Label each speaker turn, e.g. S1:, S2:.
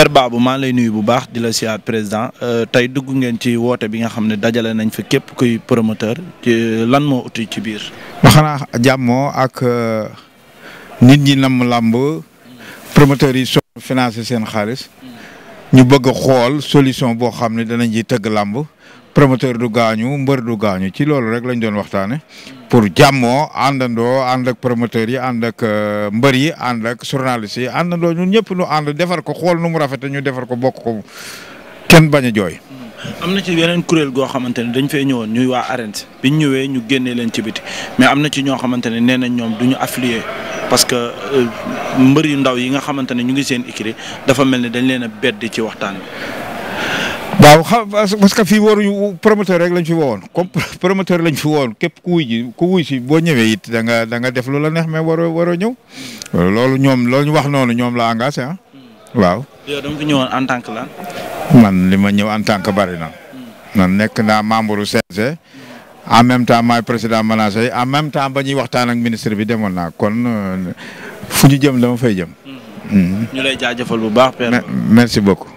S1: Père Babou maa lay nuyu bu baax di la siyaat président euh, tey dugg ngeen ci woote bi nga xam ne dajale nañ fi képp kuy promoteur euh, lan moo uti ci biir. ba xanaa jàmmoo ak euh, nit ñi namm làmb
S2: promoteurs yi soxla financé seen xaalis. ñu bëgg xool solution boo xam ne danañ ji tëgg làmb promoteur du gaañu mbër du gaañu ci loolu rek lañ doon waxtaane pour jàmmoo àndandoo ànd ak promoteurs yi ànd ak euh, mbër yi ànd ak journalistes yi àndandoo ñun ñëpp ñu ànd defar ko xool nu mu rafete ñu defar ko bokk ko kenn bañ jooy.
S1: Hmm. am na ci yeneen kuréel goo xamante ne dañ fay ñëwoon ñuy waa arène biñ ñëwee ñu génnee leen ci biti mais am na ci ñoo xamante ne nee nañ ñoom du ñu affilié parce que euh, mbër yu ndaw yi nga xamante ne ñu ngi seen écurie dafa mel ne dañ leen a bedd ci waxtaan bi.
S2: waaw xam parce que fii waruñu promoteur rek lañ fi wowoon comme promoteur lañ fi wowoon képp ku wuy ku wuy boo ñëwee it da nga da nga def lu la neex mais waroo waroo ñëw loolu ñoom loolu ñu wax noonu ñoom la engagé ah. waaw. yow dama fi ñëwoon en tant que man li ma ñëw en tant que bari na. man nekk naa membre CNG. en même temps président manager yi en même temps ba ñuy waxtaan ak ministre bi demoon naa kon euh, fu ñu jëm dama fay jëm. Mm.
S1: ñu lay jaajëfal bu baax.
S2: merci beaucoup.